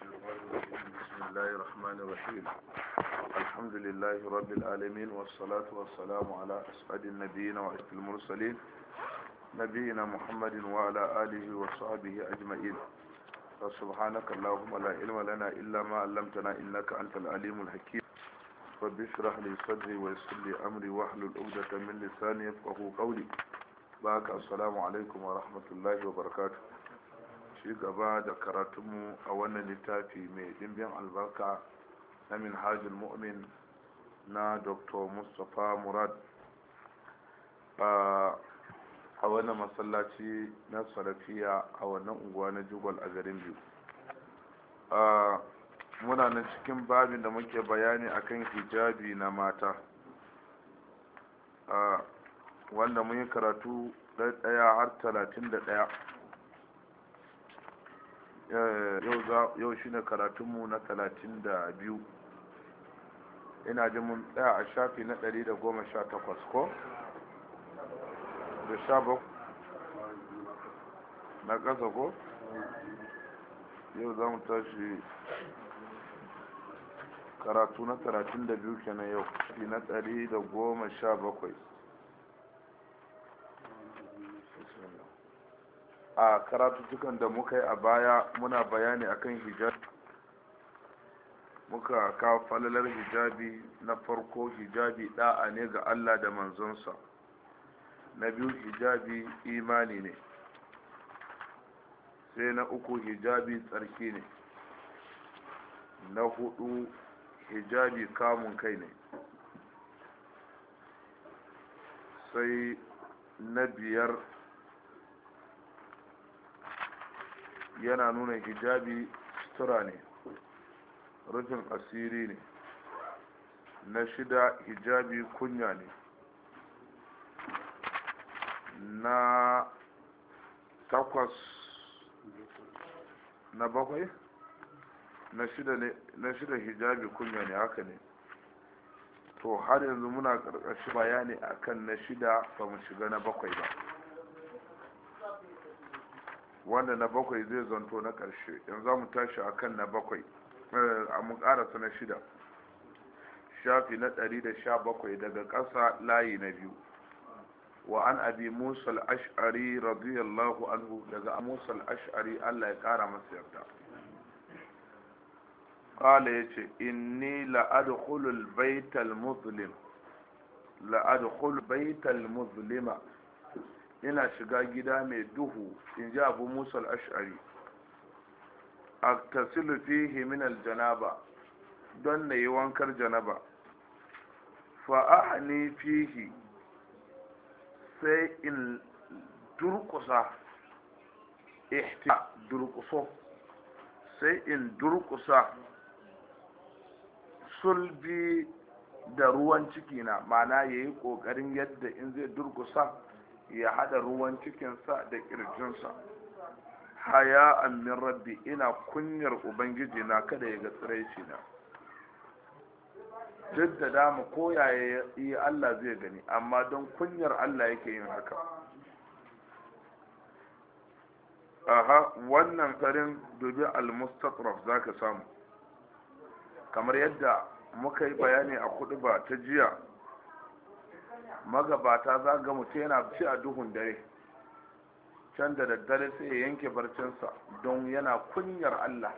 بسم الله الرحمن الرحيم الحمد لله رب العالمين والصلاة والسلام على أسعد النبيين وعشق المرسلين نبينا محمد وعلى آله وصحبه أجمعين فسبحانك اللهم لا علم لنا إلا ما علمتنا إنك أنت العليم الحكيم رب اشرح لي صدري ويسر لي أمري واحلل عقدة من لساني يفقهوا قولي باك السلام عليكم ورحمة الله وبركاته ci gaba da mu a wannan littafi mai ɗimbin albarka na minhajul mu'min na dr mustapha murad a wannan masallaci na sarafiya a wannan unguwa na jugal a garin biyu muna nan cikin babin da muke bayani akan hijabi na mata wanda mun yi karatu ɗaya har talatin da ɗaya Eh, yau shi ne karatunmu na 32 ina ji mun tsaya a shafi na 118 ko da shabo na ƙasa ko yau za mu tashi karatu na 32 kenan yau shi na 117 a karatuttukan da muka yi a baya muna bayani akan hijabi muka kawo falalar hijabi na farko hijabi da'a ne ga allah da manzonsa na biyu hijabi imani ne sai na uku hijabi tsarki ne na hudu hijabi kamun kai ne sai na biyar yana nuna hijabi sutura ne rufin asiri ne na shida hijabi kunya ne na takwas na bakwai na shida hijabi kunya ne haka ne to har yanzu muna karkashi bayani akan na shida ba mu shiga na bakwai ba wanda na bakwai zai zanto na ƙarshe yanzu za mu tashi a kan na bakwai eh, a mu ƙarasa na shida shafi na ɗari da sha bakwai daga ƙasa layi na biyu wa an abi musul ashari radiyallahu anhu daga musul ashari allah ya ƙara masa yarda ƙala ya ce inni la'adkhulul baital muslim la'adkhulul baital muslima yana shiga gida mai duhu in ji abu musa al'ashari a tasiru fihi min aljanaba don na yi wankar janaba fa'ahani fihi sai in durkusa ihti durkuso sai in durkusa sulbi da ruwan cikina mana ya yi ƙoƙarin yadda in zai durkusa ya hada ruwan cikinsa da kirjinsa haya amin rabbi ina kunyar ubangiji na kada ya ga tsiraici na duk da dama koyaye yi allah zai gani amma don kunyar allah yake yin haka aha wannan karin dubi al-mustaqraf zaka samu kamar yadda muka yi bayani a kudu ba ta jiya magabata za ga mutum yana ci a duhun dare can da daddare sai ya yanke barcinsa don yana kunyar Allah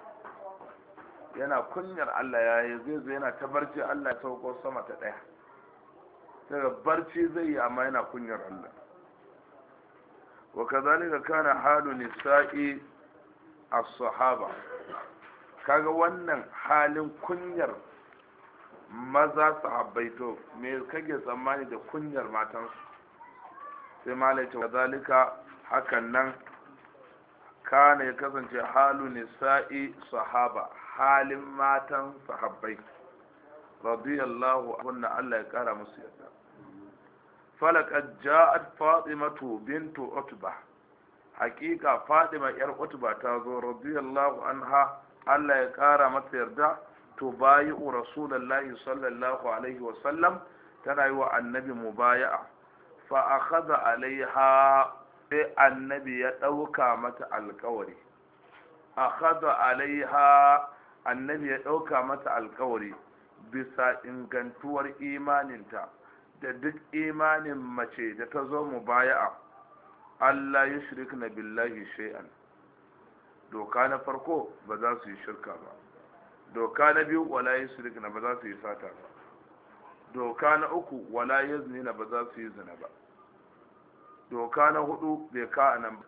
yana kunyar Allah ya yi zai zai yana ta barci Allah ya sauko sama ta ɗaya daga barci zai yi amma yana kunyar Allah wa kazalika kana halu nisa'i as-sahaba kaga wannan halin kunyar maza su abaito me kage tsammani da kunyar matansu sai malaita wa zalika hakan nan kana ya kasance halu nisa'i sahaba halin matan sahabbai radiyallahu anna Allah ya kara musu yadda falakat ja'at fatimatu bintu utba haqiqa fatima yar utba ta zo radiyallahu anha Allah ya kara mata yarda tubayi'u rasulullahi sallallahu alaihi wasallam tana yi wa annabi mubaya'a fa akhadha alaiha sai annabi ya ɗauka mata alkawari akhadha alaiha annabi ya ɗauka mata alkawari bisa ingantuwar imaninta da duk imanin mace da ta zo mubaya'a Allah ya shirka na billahi shay'an doka na farko ba za su yi shirka ba doka na biyu wala yi shirik na ba za su yi sata ba doka na uku wala yi zini na ba za su yi zina ba doka na hudu bai ka a nan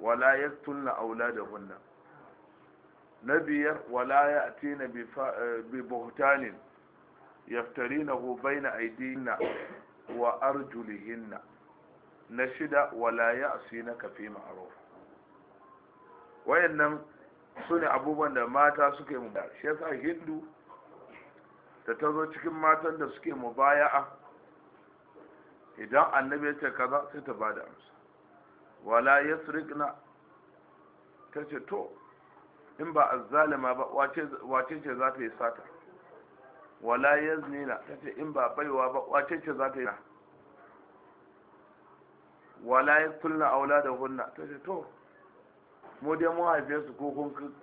wala ya tunna aula da hunna na biyar wala ya na eh, bi buhtanin yaftarinahu baina aidina wa arjulihinna na shida wala ya asina ka fi ma'ruf wayannan su ne abubuwan da mata suke mu shi yasa hindu da ta zo cikin matan da suke mu baya'a idan annabi ya ce kaza sai ta bada amsa wala yasrikna ta ce to in ba azzalima ba wace ce za ta yi sata wala yaznina ta ce in ba baiwa ba wace ce za ta yi wala da hunna ta ce to mu dai mu haife su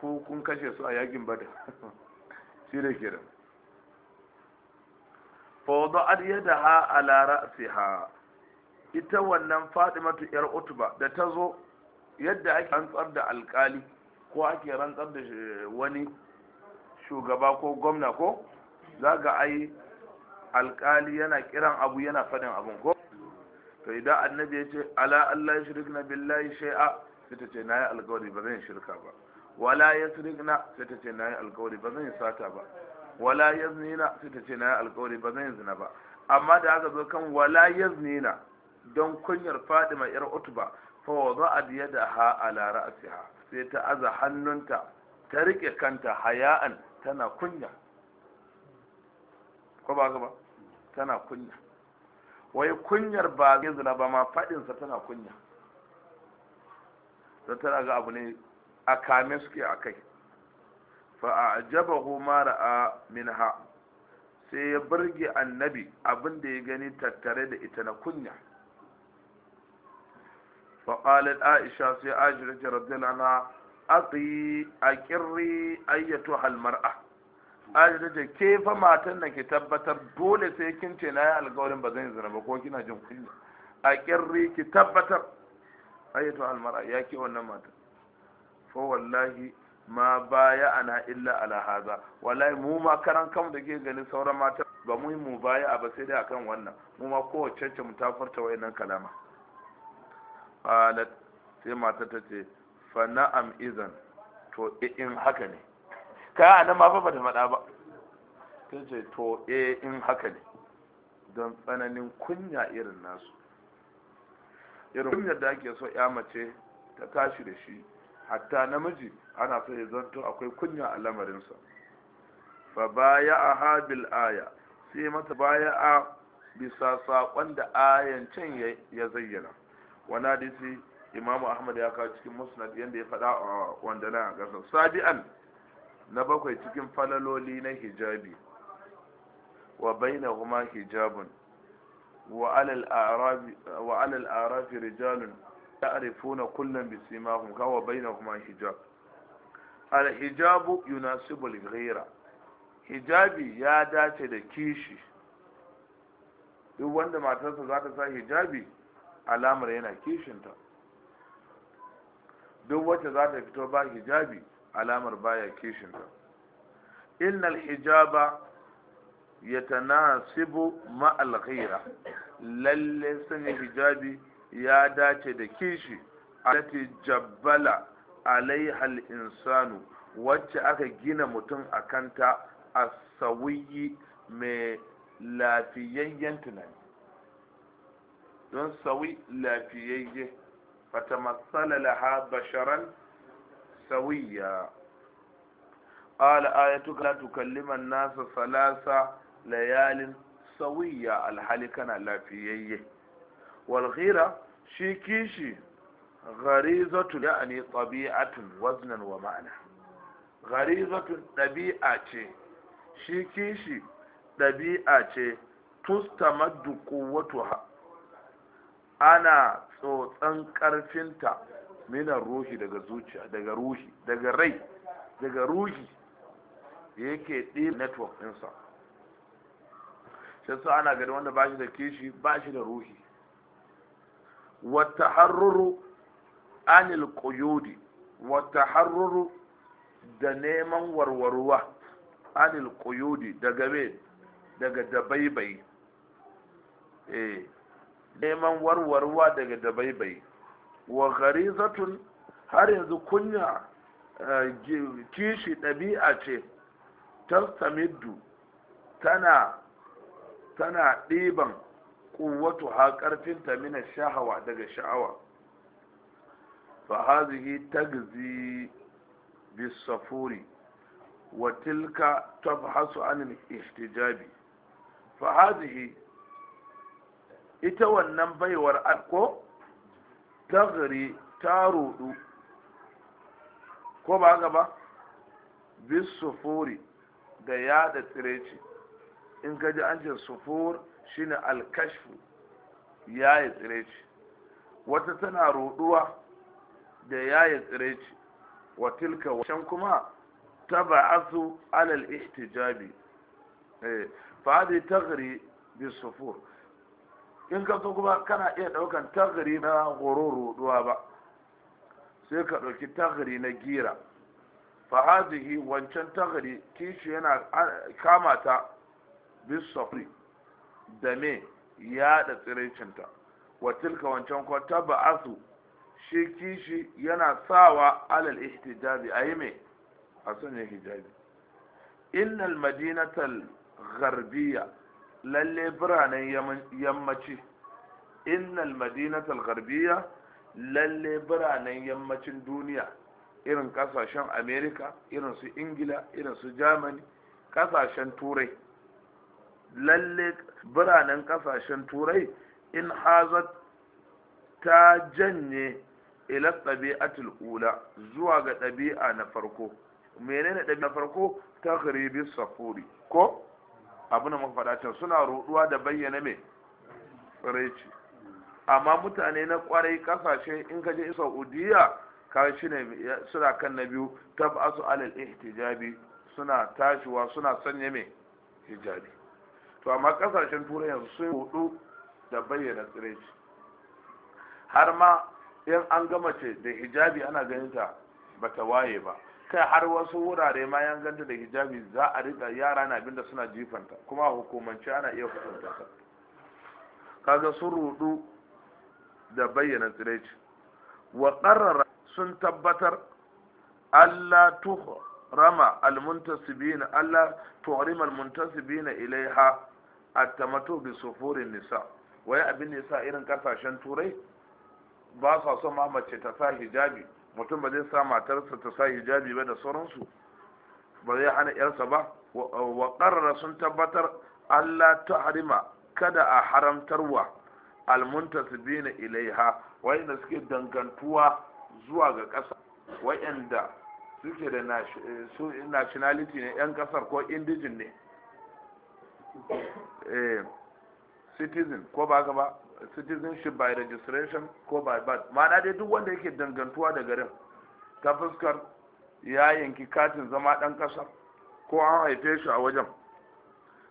ko kun kashe su a yakin bada shi da kira fawada ad da ha ala ra'siha ita wannan fadimatu yar utuba da ta zo yadda ake rantsar da alkali ko ake rantsar da wani shugaba ko gwamna ko za ga ai alkali yana kiran abu yana faɗin abun ko to idan annabi ya ce ala allah shirkna billahi shay'a sai ta ce na yi alkawari ba zan shirka ba wala ya sirikna sai ta ce na yi alkawari ba zan sata ba wala ya zinina sai ta ce na yi alkawari ba zan zina ba amma da aka zo kan wala ya zinina don kunyar fadima yar utuba fa a adiya da ha ala ra'asiha sai ta aza hannunta ta rike kanta haya'an tana kunya ko ba ba tana kunya wai kunyar ba zai zina ba ma fadinsa tana kunya don tana ga abu ne a kame suke a kai fa'ajabahu ma ra'a minha sai ya burge annabi abin da ya gani tattare da ita na kunya faƙalar aisha sai ajiyar jirgin na aƙi a ƙirri ayyatu a ajiyar da ke fa matan na ke tabbatar dole sai kin ce na yi alkawarin ba zan yi zina ba ko kina jin kunya a ƙirri ki tabbatar ayyatu almar'a ya ki wannan mata fa wallahi ma baya ana illa ala haza wallahi mu ma karan kam da ke gani sauran mata ba mu mu baya ba sai dai akan wannan mu ma kowace ce mu tafarta wayannan kalama qalat sai mata ta ce fa na'am idan to eh, in haka ne ka anan ma fa bata faɗa ba ta ce to eh in haka ne don tsananin kunya irin nasu irin wanda da ake so ya mace ta tashi da shi hatta namiji ana so ya zanto akwai kunya a lamarinsa fa baya a habil aya sai mata baya a bisa saƙon da ayan can ya zayyana wani hadisi imamu ahmad ya kawo cikin musnad yadda ya faɗa a wanda na gasa sabi'an na bakwai cikin falaloli na hijabi wa bainahuma hijabun وعلى الأعراف رجال يعرفون كلا بسيماهم هو بينهما حجاب الحجاب يناسب الغيرة hijabi ya dace da kishi duk wanda matarsa za ta sa hijabi alamar yana kishinta duk wacce za ta fito ba hijabi alamar baya kishinta innal hijaba yatanasibu ma alkhaira. lalle sanya hijabi ya dace da kishi alati jabbala alaiha al'insanu insanu wacce aka gina mutum a kanta a sauyi mai lafiyayyen tunani don sawi lafiyayye fata matsala laha basharan sawiya قال آيتك لا تكلم nasa salasa. layalin sawiyya alhali kana lafiyayye walghira shi kishi gharizatu ya'ni tabi'atun waznan wa ma'ana gharizatu ɗabi'a ce shi kishi ɗabi'a ce tustamaddu quwwatuha ana tsotsan ƙarfinta minar ruhi daga zuciya daga ruhi daga rai daga ruhi yake ɗin network ɗinsa sai sa ana gani wanda ba shi da kishi ba shi da ruhi wata haruru anil kuyudi wata haruru da neman warwaruwa anil kuyudi daga me daga dabaibai eh neman warwaruwa daga dabaibai wa gharizatun har yanzu kunya eh, kishi ɗabi'a ce tastamiddu tana tana ɗiban kuwatu ha ƙarfinta mina shahawa daga sha'awa fa hazihi tagzi bisafuri wa tilka tabhasu anil ihtijabi fa hazihi ita wannan baiwar ko tagri ta rudu ko ba gaba bisufuri da yada tsireci in ka ji an ce sufur shine alkashfu ya yi tsire ce wata tana ruduwa da ya yi tsire ce wa tilka wacan kuma ta ba'asu alal ihtijabi eh, fa'adi tagri bi sufur in ka so kuma kana iya daukan tagri na horo ruduwa ba sai ka dauki tagri na gira fa'adihi wancan tagri kishi yana kama ta bisafri da me yaɗa tsiraicinta wa tilka wancan ko asu shi kishi yana sawa alal ihtijabi yi me a sanya hijabi innal madinatal gharbiya lalle biranen yammaci innal madinatal gharbiya lalle biranen yammacin duniya irin kasashen america irin su ingila irin su germany kasashen turai lalle biranen kasashen turai in hazat ta janye ila tabi'atul ula zuwa ga ɗabi'a na farko menene ɗabi'a na farko ta safuri ko abu na mafaɗacin suna ruɗuwa da bayyana mai tsiraici amma mutane na kwarai kasashe in ka je saudiya ka shi ne suna kan na biyu tab'asu alal ihtijabi suna tashiwa suna sanya mai hijabi to amma kasashen turai yanzu sun hudu da bayyana tsiraici har ma yan an gama ce da hijabi ana ganin ta bata waye ba kai har wasu wurare ma yan ganta da hijabi za a rika yara na abinda suna jifanta kuma hukumance ana iya hukunta ta kaga sun rudu da bayyana tsiraici wa qarrara sun tabbatar Allah rama almuntasibina Allah tuhrima almuntasibina ilaiha at bi sufurin nisa wai abin nisa yasa irin kasashen turai ba sa son ma mace ta sa hijabi mutum ba zai sa matarsa ta sa hijabi ba da sauransu ba zai hana yarsa ba wa qarrara sun tabbatar Allah ta harima kada a haramtarwa almuntasibina ilaiha wanda suke dangantuwa zuwa ga ƙasa wayanda suke da nationality ne 'yan ƙasar ko indijin ne Eh, citizen ko ba ka ba citizenship by registration ko by birth ma'ana dai duk wanda yake dangantuwa da garin ta fuskar ya yanki katin zama ɗan ƙasa ko an haife shi a wajen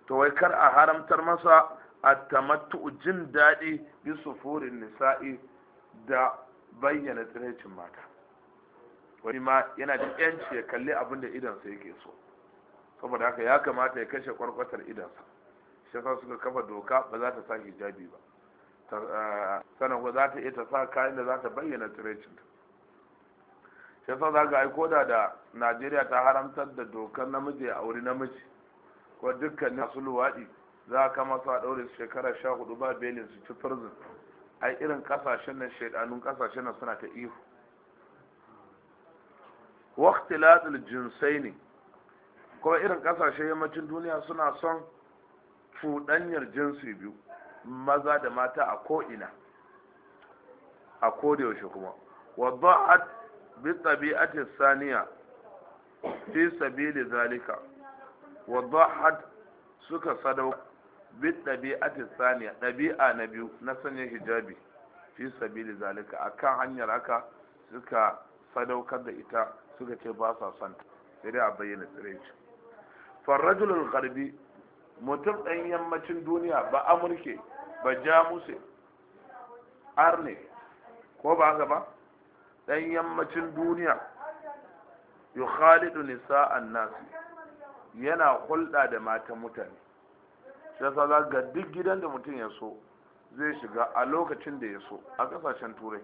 to wai kar a haramtar masa a tamattu jin daɗi bi sufurin nisa'i da bayyana tsiraicin mata wani ma yana da yanci ya kalli abin da idansa yake so saboda haka ya kamata ya kashe kwarkwatar idansa shi suka kafa doka ba za ta sa hijabi ba eh, sannan ko za ta iya ta sa kayan da za ta bayyana turancinta shi yasa za ga aiko da da najeriya ta haramtar da dokar namiji a auri namiji ko dukkan masu luwaɗi za a kama su a ɗaure su shekara sha hudu ba belin su ci prison ai irin kasashen nan shaidanun kasashen nan suna ta ihu waqtilatul jinsaini kuma irin kasashe yammacin duniya suna son cuɗanyar jinsi biyu maza da mata a ko'ina a yaushe kuma wadda'at bi tabi'atis saniya fi sabili zalika wadda'at suka sadau bi tabi'atis saniya ɗabi'a na biyu na sanya hijabi fi sabili zalika akan hanyar haka suka sadaukar da ita suka ce ba sa son sai dai a bayyana tsiraici farrajulul garbi mutum ɗan yammacin duniya ba amurke ba jamuse arne ko ba haka ba ɗan yammacin duniya yu khalidu nisa'an nasu yana hulɗa da matan mutane shi yasa za ga duk gidan da mutum ya so zai shiga a lokacin da ya so a ƙasashen turai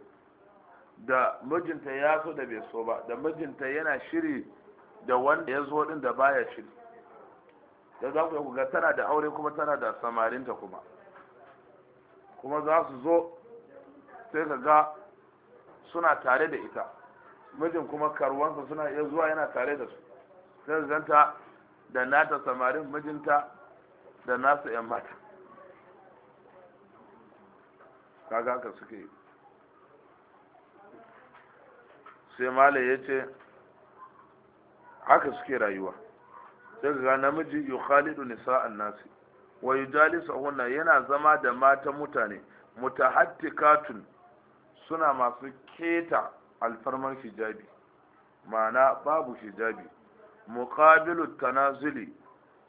da mijinta ya so da bai so ba da mijinta yana shiri da wanda ya zo din da baya shiri da za ku ga tana da aure kuma tana da samarinta kuma kuma za su zo sai ka ga suna tare da ita mijin kuma karuwansa suna iya zuwa yana tare da su sai zanta da nata samarin mijinta da nasu 'yan mata kaga ka suke sai male ya ce haka suke rayuwa sai ga namiji yukhalidu nisa'an nasi wa hunna yana zama da matan mutane mutahattikatun suna masu keta alfarman hijabi ma'ana babu hijabi muqabilu tanazuli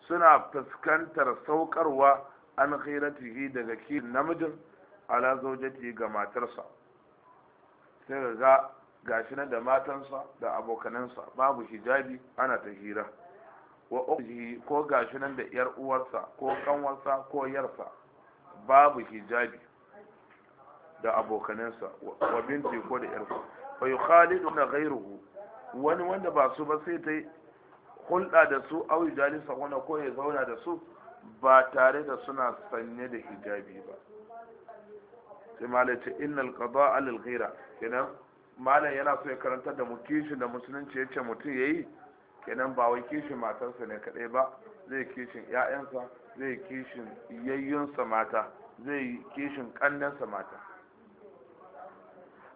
suna fuskantar saukarwa an khiratihi daga ki namijin ala zaujati ga matarsa sai ga gashi na da matansa da abokanansa babu hijabi ana ta hira wa ukhtihi ko gashi nan da yar uwarsa ko kanwarsa ko yarsa babu hijabi da abokanansa wa binti ko da yarsa fa yukhalidu na ghayruhu wani wanda ba su ba sai ta hulɗa da su au jalisa wanda ko ya zauna da su ba tare da suna sanye da hijabi ba sai malai innal qada alal ghayra kenan malam yana so ya karantar da mu da musulunci yace mutum yayi kenan ba wai kishin matarsa ne kadai ba zai kishin ƴaƴansa zai kishin yayyunsa mata zai kishin kannansa mata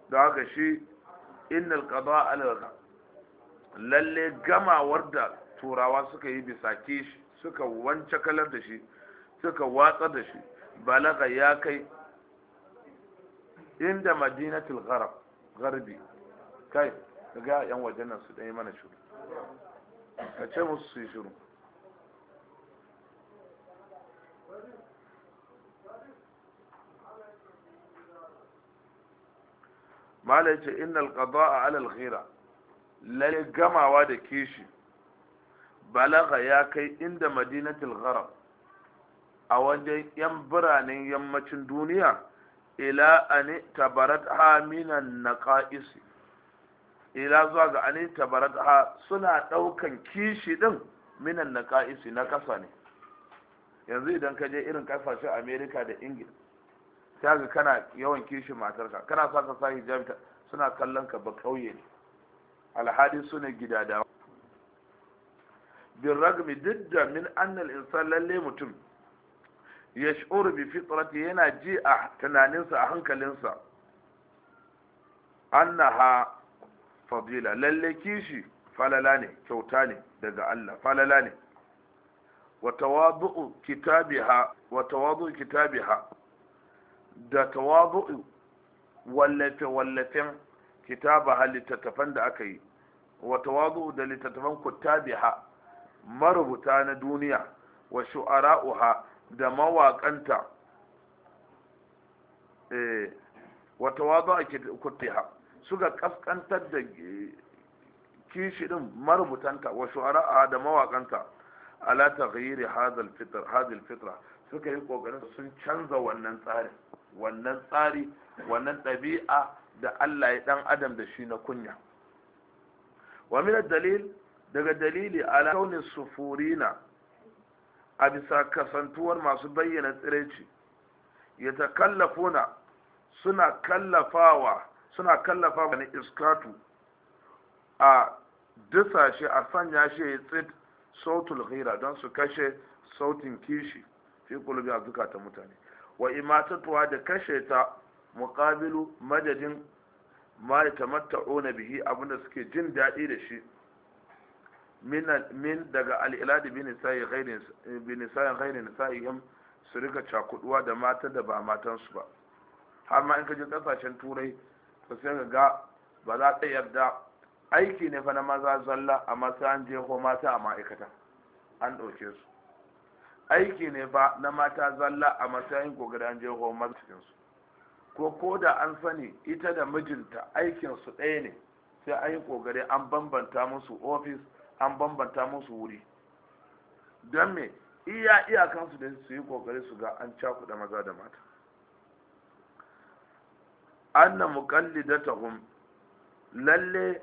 da haka shi innal qada al lalle gamawar da turawa suka yi bisa kishi suka wance kalar da shi suka watsa da shi balaga ya kai inda madinatul gharab garbi kai ga yan wajen nan su dai mana shuru ka ce musu su yi shiru malai ce innal a alal ghira lalle gamawa da kishi balaga ya kai inda madinatul gharab a wajen yan biranen yammacin duniya ila ani tabarat aminan naqaisi ila zuwa ga an tabaraka suna daukan kishi din minan naqaisi na kasa ne yanzu idan ka je irin kasashen America da Ingila sai ga kana yawan kishin matarka kana sa ka sa hijabi suna kallon ka ba kauye ne alhadi suna gidadawa bin ragmi duk da min annal insan lalle mutum ya shi'uru bi fitrati yana ji a tunaninsa a hankalinsa annaha fadila lalle kishi falala ne kyauta ne daga Allah falala ne wa tawadu'u kitabiha da tawadu'u wallafe wallafen kitabaha littattafan da aka yi wa tawadu'u da littattafan kutabiha marubuta na duniya wa shu'ara'uha da mawakanta eh wa tawadu'u kutabiha suka kaskantar da kishi marubutanta wa shu'ara'a da mawakanta ala taghyiri hadal fitr fitra suka yi kokarin sun canza wannan tsari wannan tsari wannan ɗabi'a da Allah ya dan adam da shi na kunya wa min dalil daga dalili ala kauni sufurina a bisa kasantuwar masu bayyana tsiraici ya suna kallafawa suna kallafa wani iskatu a disa shi a sanya shi ya tsit sautul ghira don su kashe sautin kishi fi kulubi a ta mutane wa imatatuwa da kashe ta muqabilu madadin ma ona bihi abinda suke jin daɗi da shi min daga al'iladi bi nisayin ghairi nisa'ihim su rika cakuduwa da matan da ba matansu ba har ma in ka ji kasashen turai to sai ga ba za ta yarda aiki ne fa na maza zalla a matsayin an je ko mata a ma'aikata an ɗauke su aiki ne fa na mata zalla a matsayin kokari an je ko mata su ko ko da an sani ita da mijinta aikin su ɗaya ne sai an yi kokari an bambanta musu ofis an bambanta musu wuri don me iya iyakansu da su yi kokari su ga an cakuɗa maza da mata anna muqallidatahum lalle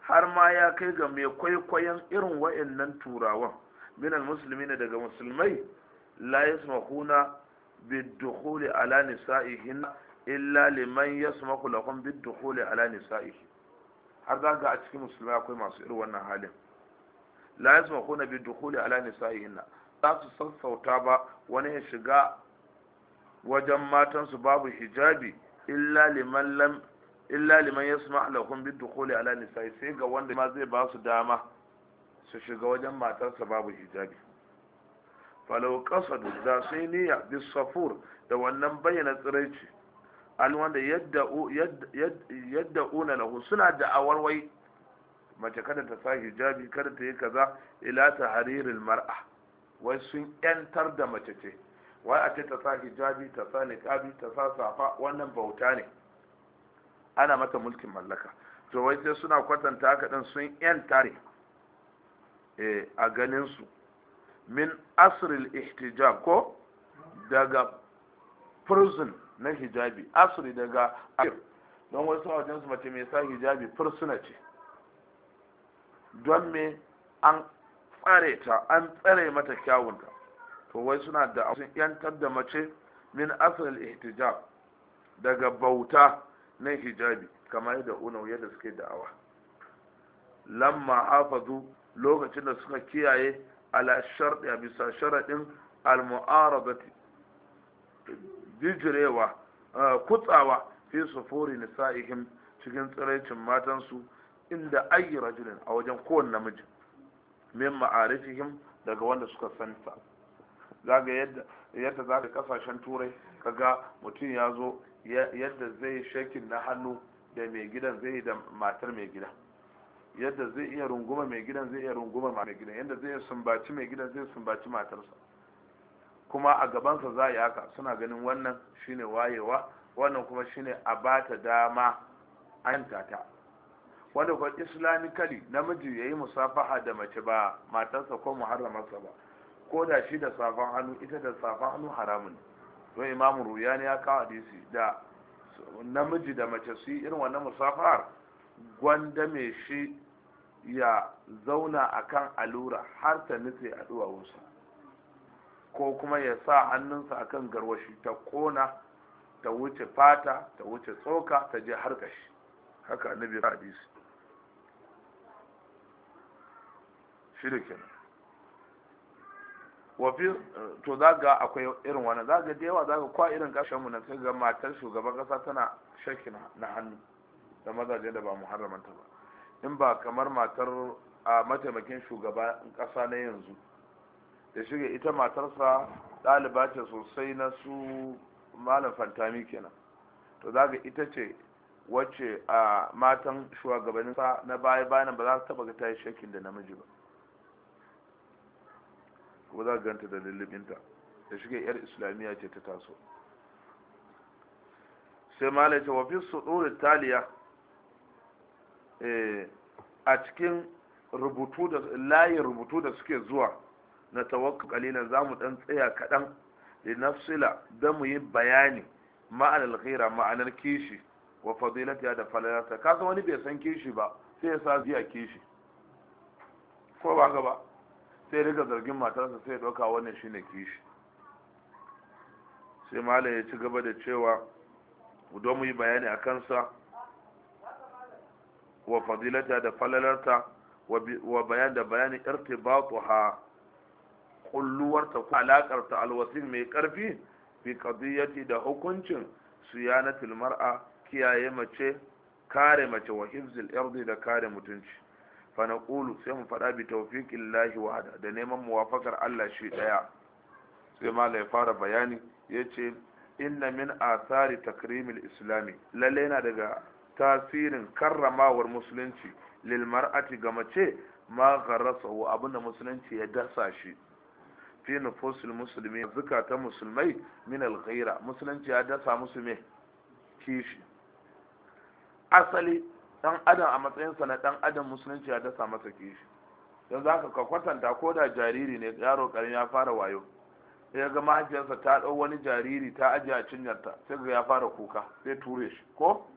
har ma ya kai ga mai kwaikwayon irin wa'annan turawan minal musulmi ne daga musulmai la yasmahuna bid-dukhuli ala nisa'ihin illa liman yasmahu lahum bid-dukhuli ala nisa'ihi har za ga a cikin musulmai akwai masu irin wannan halin la yasmahuna bid-dukhuli ala nisa'ihin za su sassauta ba wani ya shiga wajen matansu babu hijabi illa liman lam illa liman yasma lahum bidukhuli ala nisa'i sai ga wanda ma zai ba su dama su shiga wajen matarsa babu hijabi falau qasadu da yi niyya bisafur da wannan bayyana tsiraici al wanda yadda una lahu suna da awarwai mace kada ta sa hijabi kada ta yi kaza ila tahriril mar'a wai sun yantar da mace ce wai a ce ta sa hijabi ta sa niqabi ta sa safa wannan bauta ne ana mata mulkin mallaka to wai sai suna kwatanta haka din sun yan tare eh a ganin su min asril ihtijab ko daga prison na hijabi asri daga don wasu wajen su mace mai sa hijabi fursuna ce don me an tsare ta an tsare mata kyawunta to wai suna da sun yantar da mace min asalin ihtijab daga bauta na hijabi kamar yadda unau yadda suke da'awa lamma hafazu lokacin da suka kiyaye ala sharɗi a bisa sharaɗin al-mu'aradati bijirewa eh, kutsawa fi sufuri nisa'ihim cikin tsiraicin matansu inda ayi rajulin a wajen kowane namiji min ma'arifihim daga wanda suka santa zaga yadda za ka kasashen turai kaga mutum ya zo yadda zai shakin na hannu da mai gidan zai da matar mai gidan yadda zai iya runguma mai gidan zai iya runguma mai gidan yadda zai sumbaci mai gidan zai sumbaci matarsa kuma a gabansa za yi haka suna ganin wannan shine wayewa wannan kuma shine a ba ta dama an tata wanda kuma islamikali namiji ya yi musafaha da mace ba matarsa ko muharramarsa ba ko da shi da safan hannu ita da safan hannu haramun don imamu ne ya kawo hadisi da namiji da mace su yi irin wannan musafar gwanda mai shi ya zauna a kan alura har ta nutse a duwawunsa ko kuma ya sa hannunsa kan garwashi ta kona ta wuce fata ta wuce tsoka ta je har kashi haka nabi hadisi shi da kenan wafi to za akwai irin wani za da yawa za kwa irin kashen mu na kai ga matar shugaban kasa tana shaki na hannu da mazaje da ba muharramanta ba in ba kamar matar a mataimakin shugaban kasa na yanzu da shige ita matarsa ɗaliba ce sosai na su malam fantami kenan to za ita ce wacce a matan shugabanninsa na baya bayan ba za su taba ga ta yi shakin da namiji ba kuma za ganta da lullubinta da shige yar islamiyya ce ta taso sai malai ce wafi sudur taliya eh, a cikin rubutu da layin rubutu da suke zuwa na tawakku kalilan za mu dan tsaya kaɗan da linafsila don mu yi bayani ma'anar khaira ma'anar kishi wa fadilata da falalata kasa wani bai san kishi ba sai ya sa ziya kishi ko ba ga ba sai riga zargin matarsa sai ɗauka wannan shine kishi sai malam ya ci gaba da cewa don mu yi bayani a kansa wa fadilata da falalarta wa bayan da bayanin ha kulluwarta ko alakarta alwasin mai karfi fi qadiyati da hukuncin siyanatul mar'a kiyaye mace kare mace wa hifzil ardi da kare mutunci fa sai mu faɗa bi lahi wahda da neman muwafakar Allah shi ɗaya sai mala ya fara bayani ya ce inna min tsari takrimil islami lalle yana daga tasirin karramawar musulunci lil mar'ati ga mace ma abin abinda musulunci ya dasa shi fi nufusul musulmi zukatan musulmai min alghaira musulunci ya dasa musu me kishi asali dan adam a matsayinsa na dan adam musulunci ya dasa masa kishi don za ka kwatanta ko da jariri ne yaro karin ya fara wayo ya ga mahaifiyarsa ta ɗau wani jariri ta ajiye a cinyarta sai ga ya fara kuka sai ture shi ko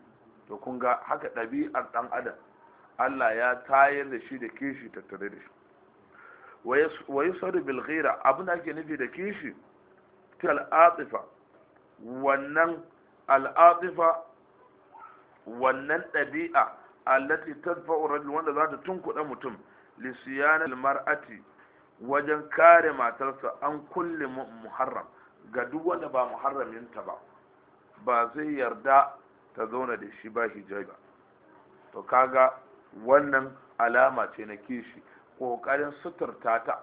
to kun ga haka ɗabi'ar dan adam Allah ya tayar da shi da kishi tattare da shi wa yusadu bil ghira abin da ake nufi da kishi til atifa wannan al'atifa wannan ɗabi'a allati tadfa'u rajul wanda za ta tunkuɗa mutum li siyanal mar'ati wajen kare matarsa an kulle muharram ga duk wanda ba muharraminta ba ba zai yarda ta zauna da shi ba hijabi ba to kaga wannan alama ce na kishi ƙoƙarin suturta ta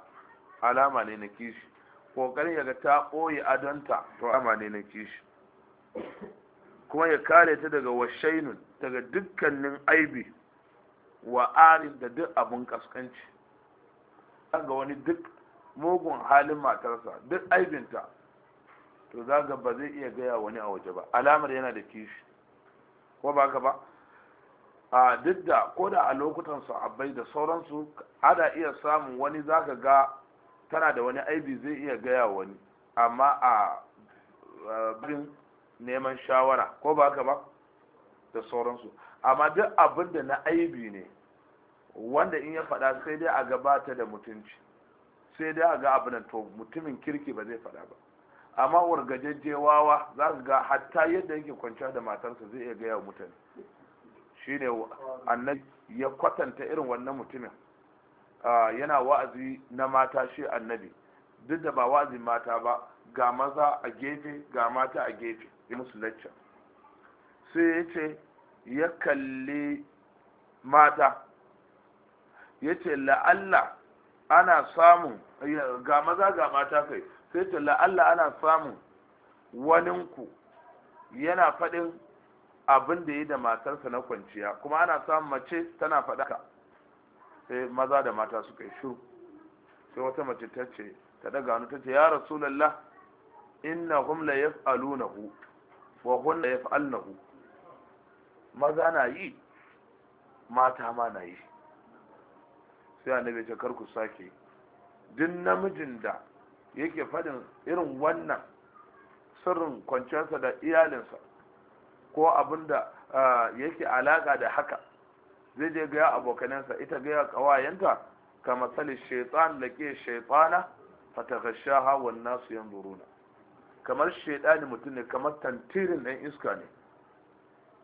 alama ne na kishi ƙoƙarin yaga ta ɓoye adonta to alama ne na kishi kuma ya kare ta daga washainun daga dukkanin aibi wa arin da duk abin kaskanci ga wani duk mugun halin matarsa duk aibinta to zaga ba zai iya gaya wani a waje ba alamar yana da kishi ko ba ka ba a duk da ko da a lokutan sahabbai da sauransu ada iya samun wani zaka ga tana da wani aibi zai iya gaya wani amma a neman shawara ko ba haka ba da sauransu amma duk abin da na aibi ne wanda in ya faɗa sai dai a gabata da mutunci sai dai a ga abin to mutumin kirki ba zai faɗa ba amma wargajejje wawa za su ga hatta yadda yake kwanciya da matarsa zai iya gaya mutane ne annan ya kwatanta irin wannan mutumin yana wa'azi na mata shi annabi duk da ba wa'azi mata ba ga maza a gefe ga mata a gefe yi musu lecture sai ya ce ya kalli mata ya ce la'alla ana samu ga maza ga mata kai sai ce la'alla ana samu waninku yana faɗin abin da yi da matarsa na kwanciya kuma ana samun mace tana faɗa ka sai maza da mata suka yi shiru sai wata mace ta ce ta daga hannu ta ce ya rasulallah inna hum la yaf'alunahu ya fi allahu maza na yi mata ma na yi sai annabi ya kar ku sake duk namijin da yake fadin irin wannan sirrin kwanciyarsa da iyalinsa ko abinda yake alaka da haka zai je gaya abokanansa ita gaya kawayenta ka matsalin shaitan da ke shaitana fatagashaha wannan su yan duruna kamar shaidani mutum ne kamar tantirin ɗan iska ne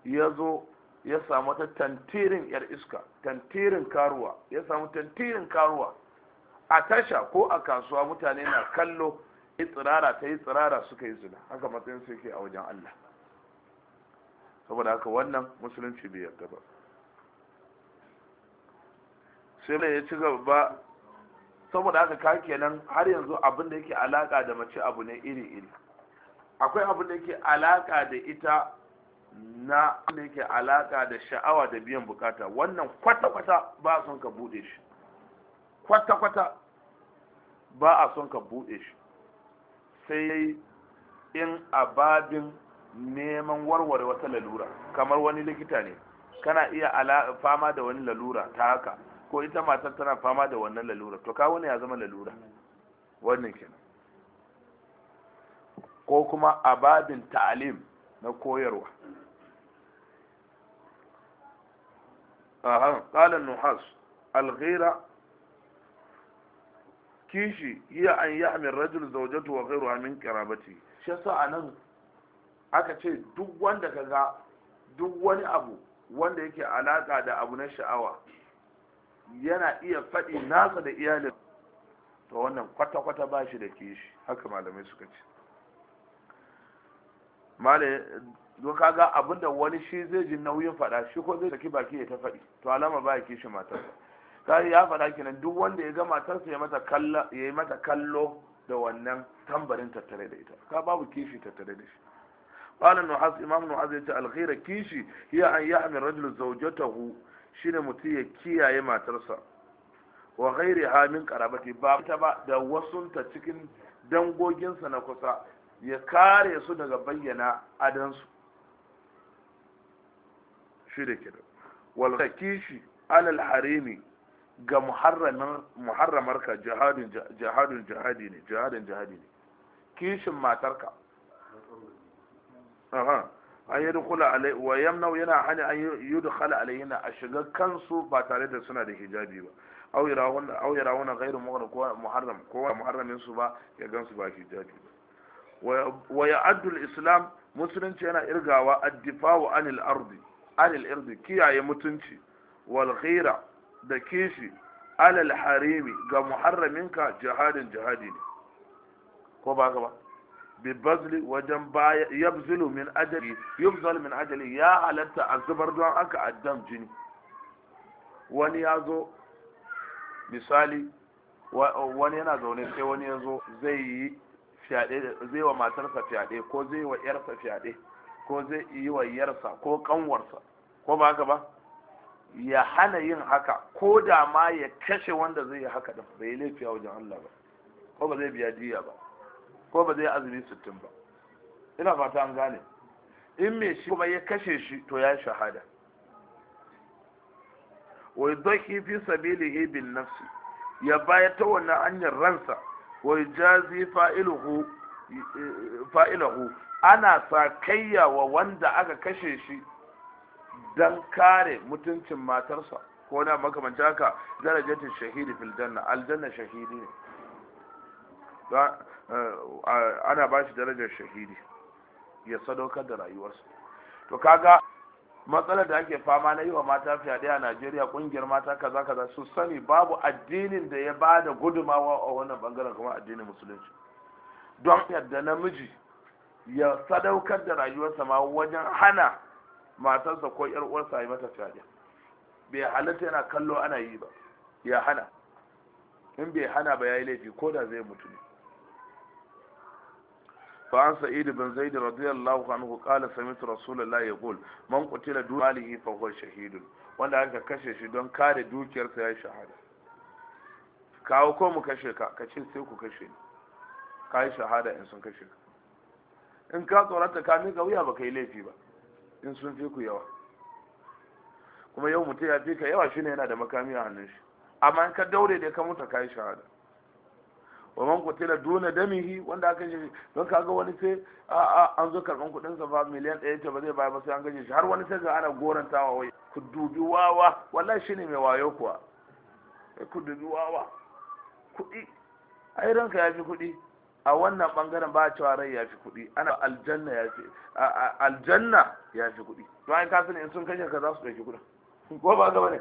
ya zo ya samu ta tantirin yar iska tantirin karuwa ya samu tantirin karuwa a tasha ko a kasuwa mutane na kallo yi tsirara ta yi tsirara suka yi zina haka matsayin su yake a wajen Allah saboda haka wannan musulunci bai yarda ba sai mai ya ci gaba saboda haka ka kenan har yanzu abinda da yake alaka da mace abu ne iri iri akwai abu da yake alaka da ita na da yake alaka da sha'awa da biyan bukata wannan kwata-kwata ba a son ka bude shi kwata-kwata ba a son ka bude shi sai in ababin neman warware wata lalura kamar wani likita ne kana iya fama da wani lalura ta haka ko ita matar tana fama da wannan lalura to ka wani ya zama lalura wannan kenan ko kuma ababin babin ta'alim na koyarwa ahan qala nuhas alghira kishi iya an ya amin rajul zawjatu wa ghayruha min qarabati shi yasa anan aka ce duk wanda kaga duk wani abu wanda yake alaka da abu na sha'awa yana iya faɗi nasa da iyalin to wannan kwata-kwata ba shi da kishi haka malamai suka ce male don kaga abinda wani shi zai ji nauyin faɗa shi ko zai saki baki ya ta faɗi to alama ba ya kishi matarsa kai ya faɗa kenan duk wanda ya ga matarsa ya mata kallo yi mata kallo da wannan tambarin tattare da ita ka babu kishi tattare da shi qala has imam nuhas ya alghira kishi hiya an ya'mi rajul zawjatahu shine mutum ya kiyaye matarsa wa ha min qarabati ba ta ba da wasunta cikin dangoginsa na kusa ya kare su daga bayyana adansu shi da kira walhaki shi alal harimi ga muharramarka jihadin jihadi ne jihadin jihadi ne kishin matarka an yi dukula alai wa yamnau yana hani an yi dukula alaihina a shiga kansu ba tare da suna da hijabi ba au yarawuna gairu muharram ko muharramin su ba ya gansu ba hijabi ba Waya addul islam musulunci yana irgawa ad-difa'u anil ardi anil irdi kiyaye mutunci wal khira da kishi alal harimi ga muharraminka jihadin jihadi ne ko ba ka ba bi bazli wajen baya yabzulu min ajali yubzal min ajali ya halatta a zubar don aka addam jini wani ya zo misali wani yana zaune sai wani ya zo zai yi fyaɗe zai wa matarsa fyaɗe ko zai wa yarsa fyaɗe ko zai yi wa yarsa ko kanwarsa ko ba haka ba ya hana yin haka ko da ma ya kashe wanda zai yi haka da bai laifi a wajen Allah ba ko ba zai biya diya ba ko ba zai azumi sittin ba ina fata an gane in me shi kuma ya kashe shi to ya shahada wa yudhi fi sabilihi bin nafsi ya bayar ta wannan hanyar ransa wajazi fa'ilahu ana sakayya wa wanda aka kashe shi don kare mutuncin matarsa ko na makamancin haka darajatin shahidi filjanna aljanna shahidi ne eh, ana ba shi darajar shahidi ya sadaukar da rayuwarsa to kaga matsalar da ake fama na yi wa mata fyaɗe a najeriya ƙungiyar mata kaza kaza su sani babu addinin da ya ba da gudumawa a wannan bangaren kuma addinin musulunci don yadda namiji ya sadaukar da rayuwarsa ma wajen hana matarsa ko yar uwarsa yi mata fyaɗe bai halitta yana kallo ana yi ba ya hana in bai hana ba ya yi laifi ko da zai mutu ne فعن Sa'idu bin زيد رضي الله عنه قال سمعت رسول الله يقول من قتل دون ماله فهو wanda aka kashe shi don kare dukiyarsa ya shahada kawo ko mu kashe ka ka ce sai ku kashe ka yi shahada in sun kashe in ka tsorata ka mika ba ka yi laifi ba in sun fi ku yawa kuma yau mutum ya fi ka yawa shine yana da makami a hannun shi amma ka daure da ka mutu ka yi shahada wa man kutila duna damihi wanda aka kashe don kaga wani sai a an zo karban kudin sa ba miliyan 1 ta ba zai bayar ba sai an kashe shi har wani sai ga ana gorantawa wai ku dubi wawa wallahi shine mai wayo kuwa ku wawa kudi ai ranka ya fi kudi a wannan bangaren ba cewa rai ya fi kuɗi ana aljanna ya fi aljanna ya fi kuɗi to ai kasan in sun kashe ka za su dauki kudin ko ba gaba ne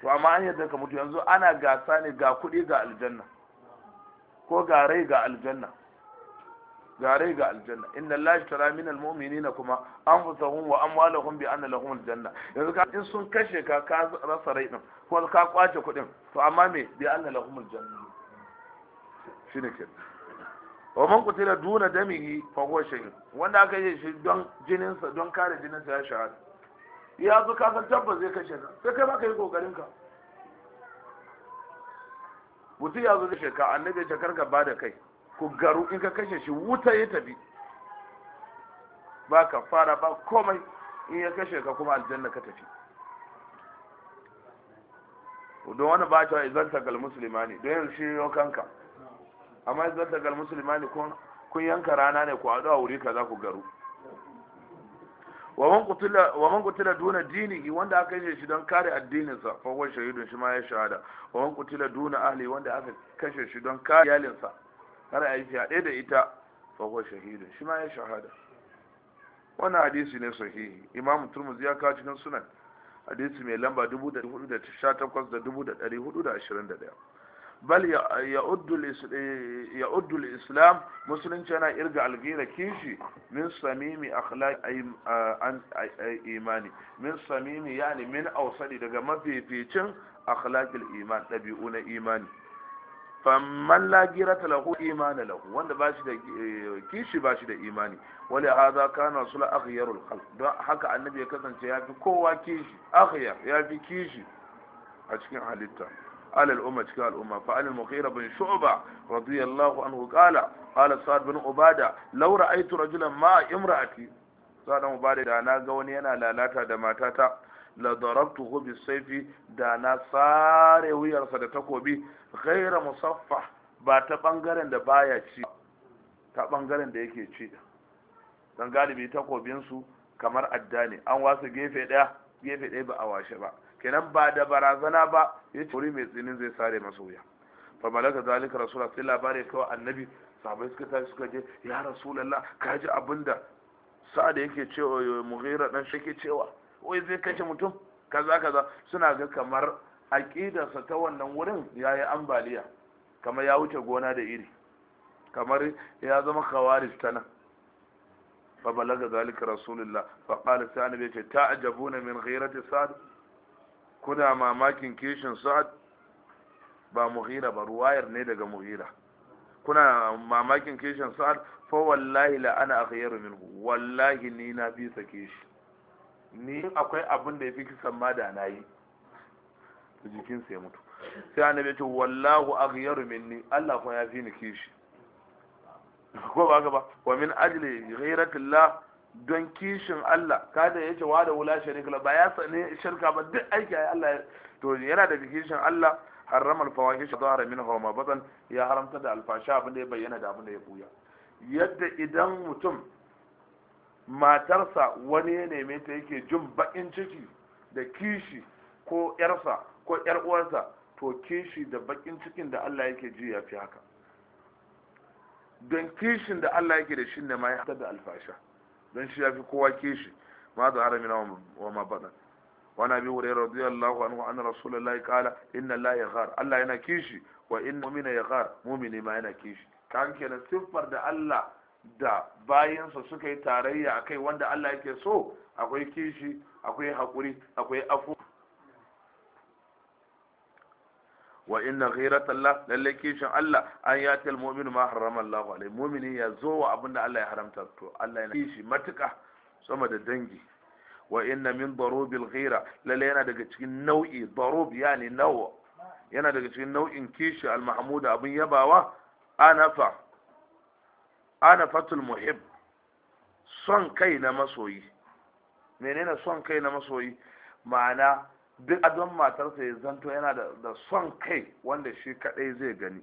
to amma an yadda ka mutu yanzu ana gasa ne ga kuɗi ga aljanna ko garai ga aljanna ga ga aljanna inna lillahi tara min almu'minina kuma anfusahum wa amwaluhum bi anna lahum aljanna yanzu ka in sun kashe ka ka rasa rai din ko ka kwace kudin to amma me bi anna lahum aljanna shine ke wa man qutila duna damihi fa huwa shahid wanda aka yi shi don sa don kare jininsa ya shahada ya zo ka san tabbas zai kashe ka sai kai ma ka yi kokarin ka Wuti ya zo da shekara, annabi ya shekar ka bada kai ku garu in ka kashe shi wuta ya tafi ba ka fara ba komai in ya kashe ka kuma aljanna ka tafi don wani ba ta izan tagal musulma ne don yanzu shi yau kanka amma izan tagal musulma ne kun yanka rana ne ku haɗu a wuri kaza ku garu wa man kutila duna dinihi wanda aka kashe shi don kare addininsa fa huwa shahidun shi ma ya shahada wa man kutila duna ahli wanda aka kashe shi don kare iyalinsa kar a yi da ita fa huwa shahidun shi ya shahada wannan hadisi ne sahihi imam turmuzi ya kawo cikin sunan hadisi mai lamba 1418 da 1421 bal ya'uddu islam musulunci yana irga algira kishi min samimi akhlaq an imani min samimi yani min ausadi daga mafificin akhlaqil iman dabi'u na imani famman la girata lahu imana lahu wanda ba shi da eh, kishi ba shi da imani wala hadha kana rasul akhyarul khalq don haka annabi ya kasance ya fi kowa kishi akhyar ya fi kishi a cikin halitta على الأمة كالأمة الأمة فعن المغيرة بن شعبة رضي الله عنه قال قال سعد بن عبادة لو رأيت رجلا ما امرأتي سعد عبادة دانا قوني أنا لا لا تدماتاتا لضربته بالسيف دانا ساري ويرسى تكو بي غير مصفح ba ta bangaren da baya ci ta bangaren da yake ci don galibi takobinsu kamar adda ne an wasa gefe daya gefe daya ba a washe ba kenan ba da barazana ba ya ce wuri mai tsinin zai sare masa wuya fa malaka zalika rasulullah sai labari kawai annabi sabai suka tashi suka je ya rasulullah ka ji abinda sa'ad yake cewa mughira dan shake cewa wai zai kashe mutum kaza kaza suna ga kamar aqidarsa ta wannan wurin yayi ambaliya kamar ya wuce gona da iri kamar ya zama khawarij ta nan fa balaga zalika rasulullah fa qala ce bi ajabuna min ghirati sa'ad kuna mamakin kishin sa'ad ba muhira ba ruwayar ne daga muhira kuna mamakin kishin sa'ad fa wallahi la ana akhyaru minhu wallahi ni na fi sake shi ni akwai abin da yafi kisan ma da nayi jikin sai mutu sai annabi ya ce wallahu aghyaru minni Allah kuma ya fi ni kishi ko ba ka ba wa min ajli ghayratillah don kishin Allah kada ya ce wada da wula sharika ba ya sani shirka ba duk aiki ai Allah to yana da kishin Allah harrama alfawahish zahara minha wa ma batan ya haramta da alfasha abin da ya bayyana da abin da ya buya yadda idan mutum matarsa wani ya neme ta yake jin bakin ciki da kishi ko yarsa ko yar uwarsa to kishi da bakin cikin da Allah yake ji ya fi haka don kishin da Allah yake da shi ne ma ya da alfasha don shi ya fi kowa kishi ma da haramina wa ma bada wani abi radiyallahu anhu anna rasulullahi qala inna la yaghar Allah yana kishi wa inna mu'mina yaghar mu'mini ma yana kishi kan kenan siffar da Allah da bayansa suka yi tarayya akai wanda Allah yake so akwai kishi akwai hakuri akwai afu wa inna ghairat Allah lalle kishin Allah an ya tal mu'minu ma harrama Allah alai mu'mini ya zo wa abinda Allah ya haramta to Allah yana kishi matuka sama da dangi wa inna min darubil ghaira lalle yana daga cikin nau'i darub yani naw yana daga cikin nau'in kishi al mahmud abin yabawa anafa anafatul muhib son kai na masoyi menene son kai na masoyi ma'ana duk adon matarsa ya zanto yana da son kai wanda shi kadai zai gani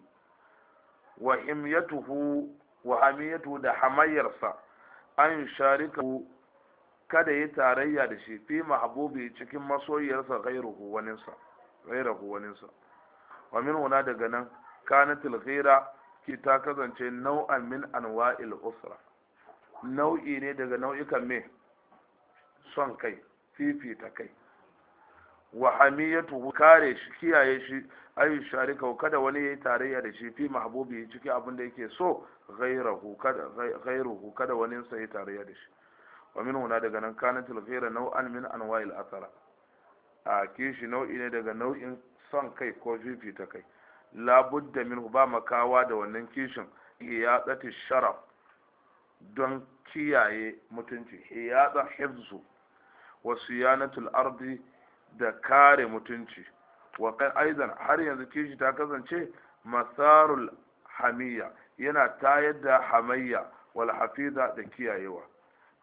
wa himyatuhu wa amiyatuhu da hamayyarsa an sharika kada yi tarayya da shi fi mahabubi cikin masoyiyarsa ghairuhu waninsa wa min huna daga nan kanatul ghaira ki ta kasance nau'an min anwa'il usra nau'i ne daga nau'ikan me son kai fifita kai wa hamiyatu kare shi kiyaye shi ayu sharika kada wani yayi tarayya da shi fi mahbubi ciki abin da yake so ghayrahu kada ghayruhu kada wani sa yayi tarayya da shi wa min huna daga nan kanatul ghayra naw'an min anwa'il athara a kishi nau'i ne daga nau'in son kai ko fifita kai labudda minhu ba makawa da wannan kishin tsati sharaf don kiyaye mutunci iyatsa hifzu wa siyanatul ardi da kare mutunci wa kan aizan har yanzu kishi ta kasance masarul hamiya yana tayar da hamayya wal hafiza da kiyayewa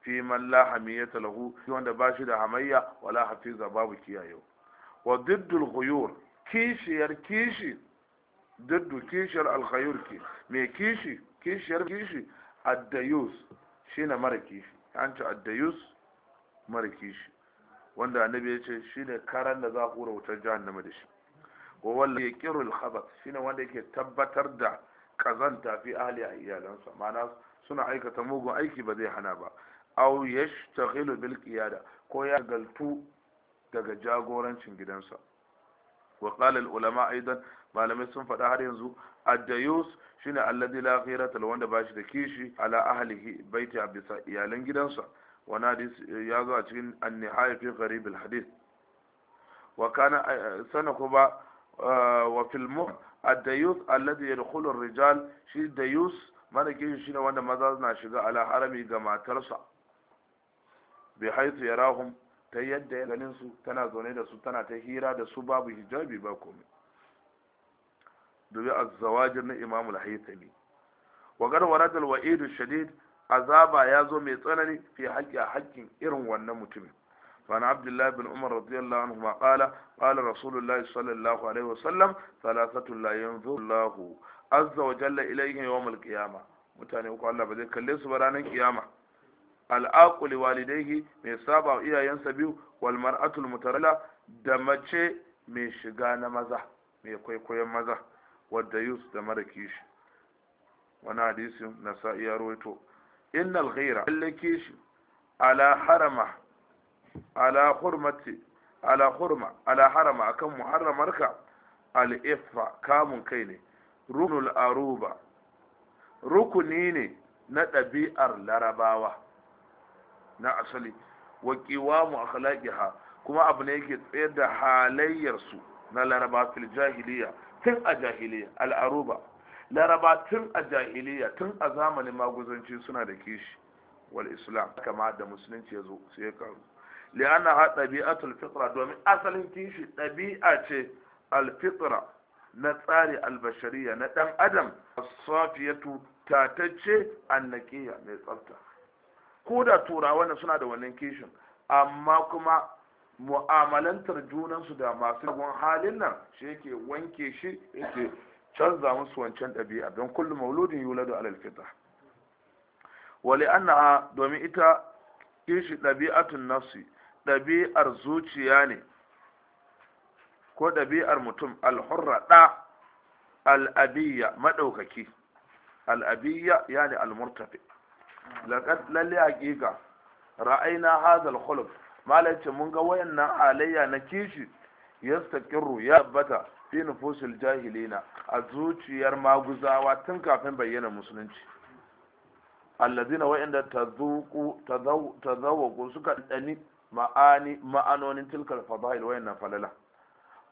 fi man la hamiyata lahu wanda ba da hamayya wala hafiza babu kiyayewa wa diddul ghuyur kishiyar kishi diddu kishiyar alkhayur ki mai kishi kishiyar kishi addayus shine mara kishi an ta addayus mara kishi wanda annabi ya ce shi ne karan da za a hura wutar jahannama da shi wa walla yaqiru al-khabath ne wanda yake tabbatar da kazanta fi ahli a iyalansa ma'ana suna aikata mugun aiki ba zai hana ba aw yashtaghilu bil qiyada ko ya galtu daga jagorancin gidansa wa qala al-ulama aidan malamai sun faɗa har yanzu ad-dayus shine alladhi la ghirata wanda shi da kishi ala ahlihi baiti bisa iyalan gidansa wani hadis eh, ya zo a cikin annihaya fi gharib alhadis wa kana eh, sana kuma eh, wa fil A dayus alladhi yadkhulu ar-rijal shi dayus mana ke shi ne wanda maza na shiga ala harami ga matarsa bi ya rahu ta yadda ya ganin su tana zaune da su tana ta hira da su babu hijabi ba komai dubi a zawajin na imamul haitami wa garwarat al-wa'id shadid azaba ya zo mai tsanani fi haƙƙi a haƙƙin irin wannan mutumin bana عبد bin umar عمر رضي الله عنهما قال قال رسول الله صلى الله عليه وسلم ثلاثة لا ينظر mutane uku Allah ba kalle su ba ranar kiyama al'aqu walidaihi mai saba iyayensa biyu walmar atul mutarala da mace mai shiga na maza mai kwaikwayon maza wadda yus da mara kishi wani hadisin nasa'i ya ruwaito innal ghaira lallake shi ala harama ala hurmati ala hurma ala harama akan muharramarka al iffa kamun kai ne ruknul aruba rukuni ne na ɗabi'ar larabawa na asali wa qiwamu akhlaqiha kuma abu ne yake tsayar da halayyarsu na laraba fil jahiliya tun a jahiliya al aruba laraba tun a jahiliya tun a zamanin maguzanci suna da kishi wal islam kama da musulunci ya zo sai ya karu li'ana ha ɗabi'atul fitra domin asalin kishi ɗabi'a ce alfitra na tsari albashariya na ɗan adam safiyatu tatacce annakiya mai tsafta ko da turawa ne suna da wannan kishin amma kuma mu'amalantar junansu da masu gun halin nan shi yake wanke shi yake canza musu wancan ɗabi'a don kullum mauludin yuladu alal fita wali annaha domin ita kishi ɗabi'atun nafsi ɗabi'ar zuciya ne ko ɗabi'ar mutum alhurra ɗa al'abiyya maɗaukaki al'abiyya yani almurtafi lalle haƙiƙa ra'aina hazal khuluf malai ce mun ga wayannan halayya na kishi yastaqirru ya bata fi nufusul jahilina a zuciyar maguzawa tun kafin bayyana musulunci aladina wa'inda tazuqu tazawwaqu suka dani ma'ani ma'anonin tilkal fadail wayannan falala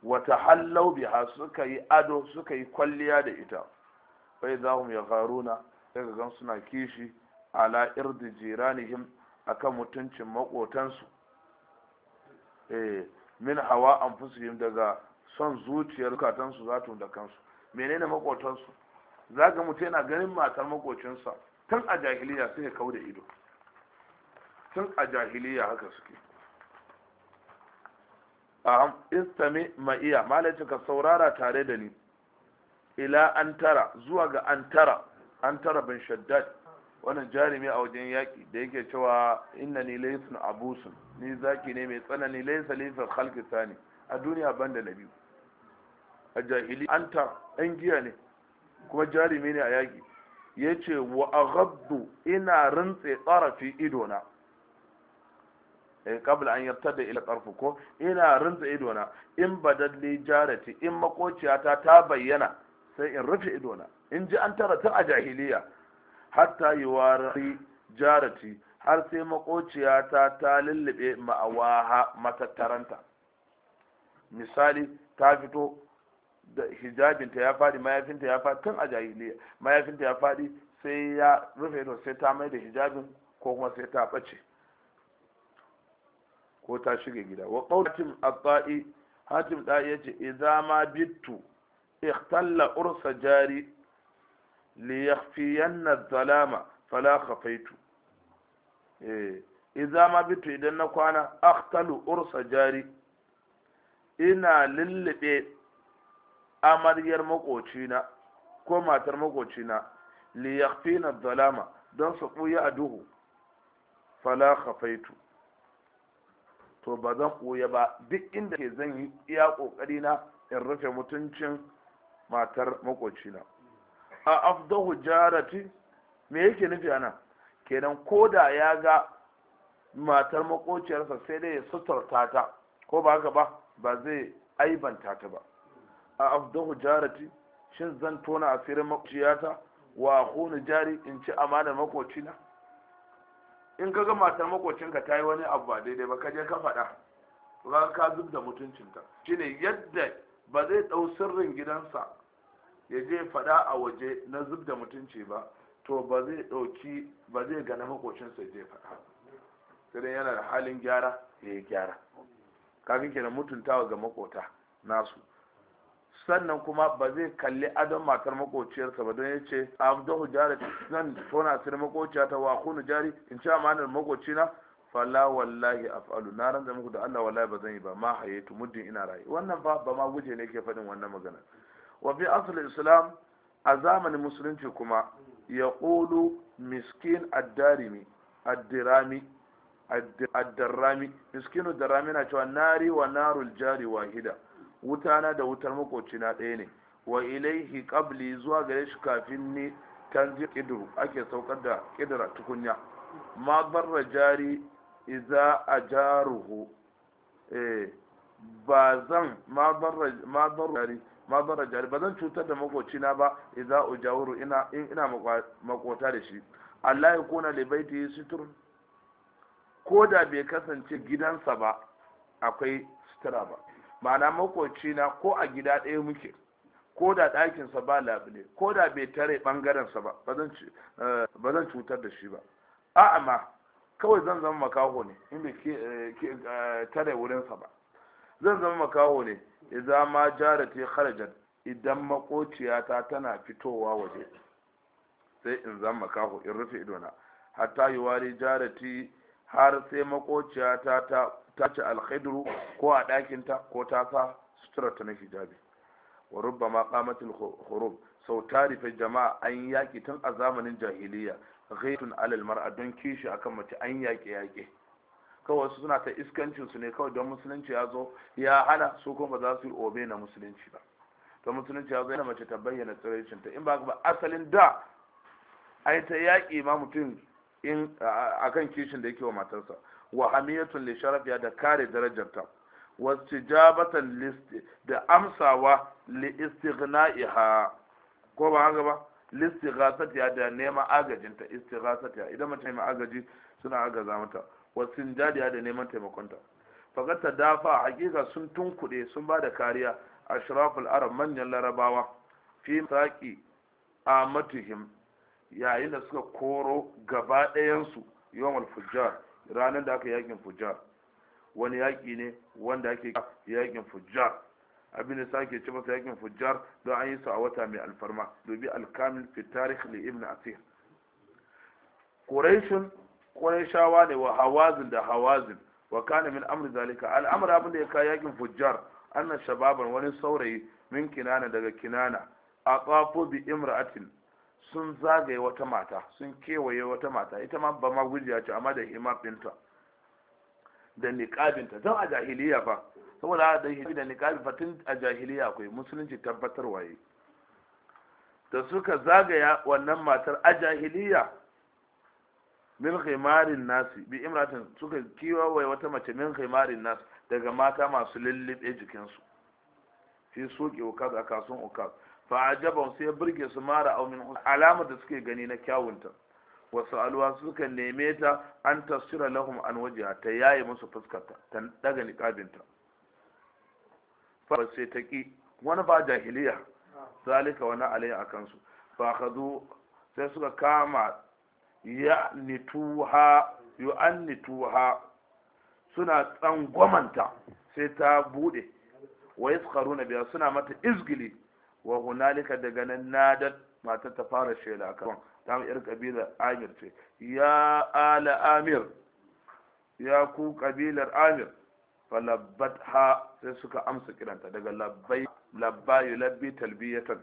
wa tahallaw biha suka yi ado suka yi kwalliya da ita fa idahum yagharuna daga gan suna kishi ala irdi jiranihim akan mutuncin makotansu eh min hawa an fusuhim daga son zuciyar katansu za ta da kansu menene makotansu za ga mutum yana ganin matar makocinsa tun a jahiliya suke ya kau da ido tun a jahiliya haka suke aham istami ma'iya malaci ka saurara tare da ni ila an tara zuwa ga an tara an tara bin shaddad wannan jarumi a wajen yaƙi da yake cewa inna ni laysa abusun ni zaki ne mai tsanani laysa li fil khalqi sani a duniya banda nabi a jahili anta ɗan giya ne kuma jarumi ne a yaƙi yace wa aghaddu ina rintse tsarafi idona kabla eh, an yartar da ila ƙarfi ko ina rintse idona in badalli jarati in makociyata ta bayyana sai in rufe idona in ji an tara a jahiliya hatta yuwari jarati har sai makociyata ta lullube ma'awaha matattaranta misali ta fito da hijabinta ya faɗi mayafinta ya faɗi tun a jahiliya mayafinta ya faɗi sai ya rufe to sai ta mai da hijabin ko kuma sai ta ɓace ko ta shiga gida wa qawlatin at hatim da yace idza ma bittu ikhtalla ursa jari liyakhfiyanna zalama fala khafaitu eh idza ma bitu idan na kwana aqtalu ursa jari ina lulluɓe amaryar makocina ko matar makocina li na zalama don su ɓuya a duhu fala khafaitu to ba zan ɓuya ba duk inda ke zan yi iya na in rufe mutuncin matar makocina a afdahu jarati me yake nufi ana kenan ko da ya ga matar makociyarsa sai dai ya suturta ta ko ba haka ba ba zai aibanta ta ba a afdahu jarati shin zan tona asirin makociyata wa kunu jari in ci amana makocina in ka ga matar makocinka ta yi wani abu ba daidai ba ka je ka faɗa ka zub da mutuncinta shine yadda ba zai ɗau sirrin gidansa ya je faɗa a waje na zub da mutunci ba to ba zai ɗauki ba zai gana makocinsa je faɗa sai dai yana da halin gyara ya yi gyara kafin kenan mutuntawa ga makota nasu sannan kuma ba zai kalli adon matar makociyarsa ba don ya ce abdahu jari nan tona sir makociya ta wa kunu jari in ci amanar makocina fala wallahi af'alu na ran da muku da Allah wallahi ba zan yi ba ma hayatu muddin ina rayu wannan ba ba ma guje ne ke faɗin wannan magana wa fi asali islam a zamanin musulunci kuma ya ƙulu miskin addarimi addirami addarrami miskinu na cewa nari wa narul jari Wuta na da wutar makocina ɗaya ne wa ilaihi qabli zuwa gare shi kafin ni tanzir kidru ake saukar da kidra tukunya ma barra jari iza a jaruhu. Eh, ba zan ma barra jari ma bar jari ba zan cutar da makocina ba idza ujawuru ina ina makota da shi Allah ya kona li baiti sutur ko da bai kasance gidansa ba akwai sutura ba ma'ana makocina ko a gida ɗaya muke ko da ɗakinsa ba labule ko da bai tare ɓangarensa ba eh, ba zan cutar da shi ba a'a ma kawai zan zama makaho ne in bai eh, eh, tare wurinsa ba zan zama makaho ne idza ma jarati kharajat idan makociyata tana fitowa waje sai in zama makaho in rufe idona hatta yuwari jarati har sai makociyata ta ta ci alkhidru ko a ɗakinta ko ta sa sutura ta na hijabi wa rubba ma qamatul khurub sau rufe jama'a an yaki tun a zamanin jahiliya ghaitun alal mar'a don kishi akan mace an yaƙe yaƙe kawai su suna ta iskancin su ne kawai don musulunci ya zo ya hana su kuma ba za su yi obe na musulunci ba don musulunci ya zo yana mace ta bayyana tsirrancin ta in ba ba asalin da ai ta yaki ma mutum in akan kishin da yake wa matarsa wa hamiyatun li sharafiya da kare darajarta wastijabatan list da amsawa li istighna'iha ko ba haka ba listighathatiya da neman agajinta istighathatiya idan mace mai agaji suna agaza mata wasin jadiya da neman taimakonta fakat ta dafa hakika sun tunkuɗe sun ba da kariya ashraful arab manyan larabawa fi saki amatuhim yayin da suka koro gaba ɗayansu yawan fujjar ranar da aka yakin fujjar wani yaƙi ne wanda ake yakin fujjar abin da sake ci masa yakin fujjar don an yi su a wata mai alfarma dubi alkamil fi tarikh ibn asir quraishun qurayshawa ne wa hawazin da hawazin wa kana min amri zalika al'amr abin da ya kai yakin fujjar anna shababan wani saurayi min kinana daga kinana a tsafo bi imra'atin sun zagaye wata mata sun kewaye wata mata ita ma ba ma gujiya ce amma da himar Binta, da niƙabinta don a jahiliya fa saboda da hijabi da niqabi fa tun a jahiliya akwai musulunci tabbatar waye da suka zagaya wannan matar a jahiliya min khimarin nasi bi imratin suka kiwaye wata mace min khimarin nasi daga mata masu lullube jikinsu fi suke ukaz a kasuwan ukaz fa ajaban sai burge su mara au min alama da suke gani na kyawunta wasu alwa suka neme ta an tasira lahum an wajiha ta yaye musu fuskarta ta daga niqabinta fa sai ta ki wani ba jahiliya ah. zalika wani alai akan su fa khadu sai suka kama ya'nituha yu'annituha suna tsangwamanta sai ta bude wa yaskharuna biya suna mata izgili wa hunalika daga nan nadat matar ta fara shela kan ta yar kabilar amir ce ya ala amir ya ku kabilar amir falabbat ha sai suka amsa kiranta daga labbai labbayu labbi talbiyatan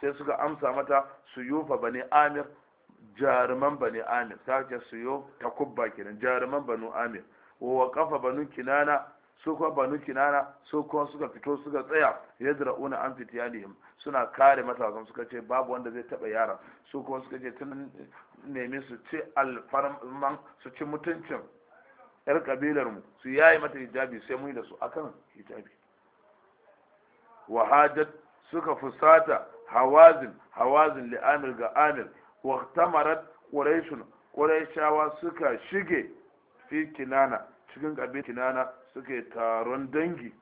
sai suka amsa mata suyufa yufa bani amir jaruman bani amir ta ce siyo ta kubba kenan jaruman banu amir wa kafa banu kinana su kuma banu kinana su kuma suka fito suka tsaya yadda una an fitiyalihim suna kare matasan suka ce babu wanda zai taba yaran su kuma suka ce tun nemi su ci alfarman su ci mutuncin yar kabilar mu su yayi mata hijabi sai mu da su akan hijabi wahajat suka fusata hawazin hawazin li amir ga amir waqtamarat quraishun quraishawa suka shige fi kinana cikin kabin kinana suke taron dangi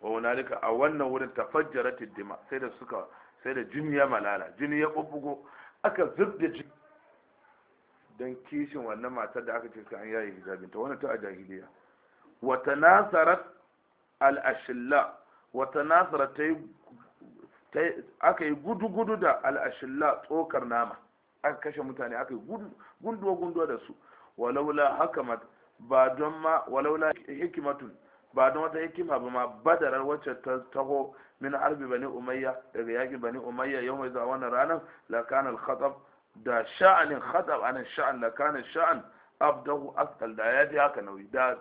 wa hunalika a wannan wurin tafajjarat dima sai da suka sai da jini ya malala jini ya bubbugo aka zubda jini don kishin wannan matar da aka ce an yayi ta wannan ta a jahiliya wa tanasarat al-ashilla wa tanasarat aka yi gudu-gudu da al'ashilla tsokar nama aka kashe mutane aka yi gunduwa-gunduwa da su walaula hakamat ba don ma walaula hikimatun ba don wata hikima ba ma badarar wacce ta taho min harbi bani umayya daga yakin bani umayya yau mai zuwa wannan ranar lakan al-khatab da sha'anin khatab anan sha'an lakan sha'an abdahu asqal da ya fi haka nauyi da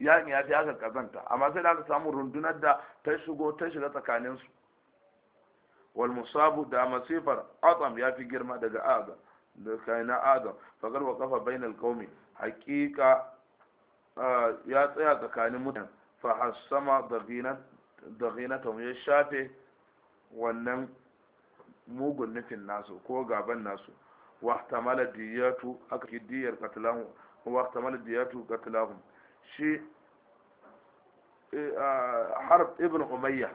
yaƙi ya fi haka kazanta amma sai da aka samu rundunar da ta shigo ta shiga tsakaninsu wal musabu da masifar atam ya fi girma daga adam da kaina adam fagar wa kafa bainal qaumi haqiqa ya tsaya tsakanin mutane fa hasama daghinat ta ya shafe wannan mugun nufin nasu ko gaban nasu wahtamala diyatu aka ki diyar katlahum wahtamala diyatu katlahum shi eh, harb ibn umayya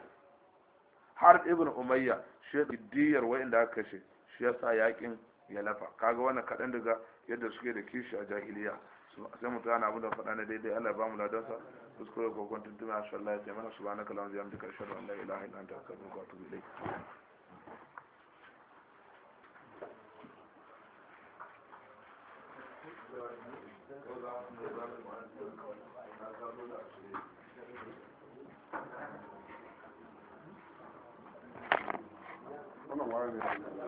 harb ibn Umayyah. shi diyar wa'inda aka kashe shi yasa yakin ya lafa kaga wannan kaɗan daga yadda suke da kishi a jahiliya sai mutum ana abin da faɗa na daidai Allah ba mu ladansa kuskure ko kwantun tuna insha Allah sai mana su ba na kalamun ziyar duka shirin ilaha illa ta ka ko tubi dai Thank you. Amen.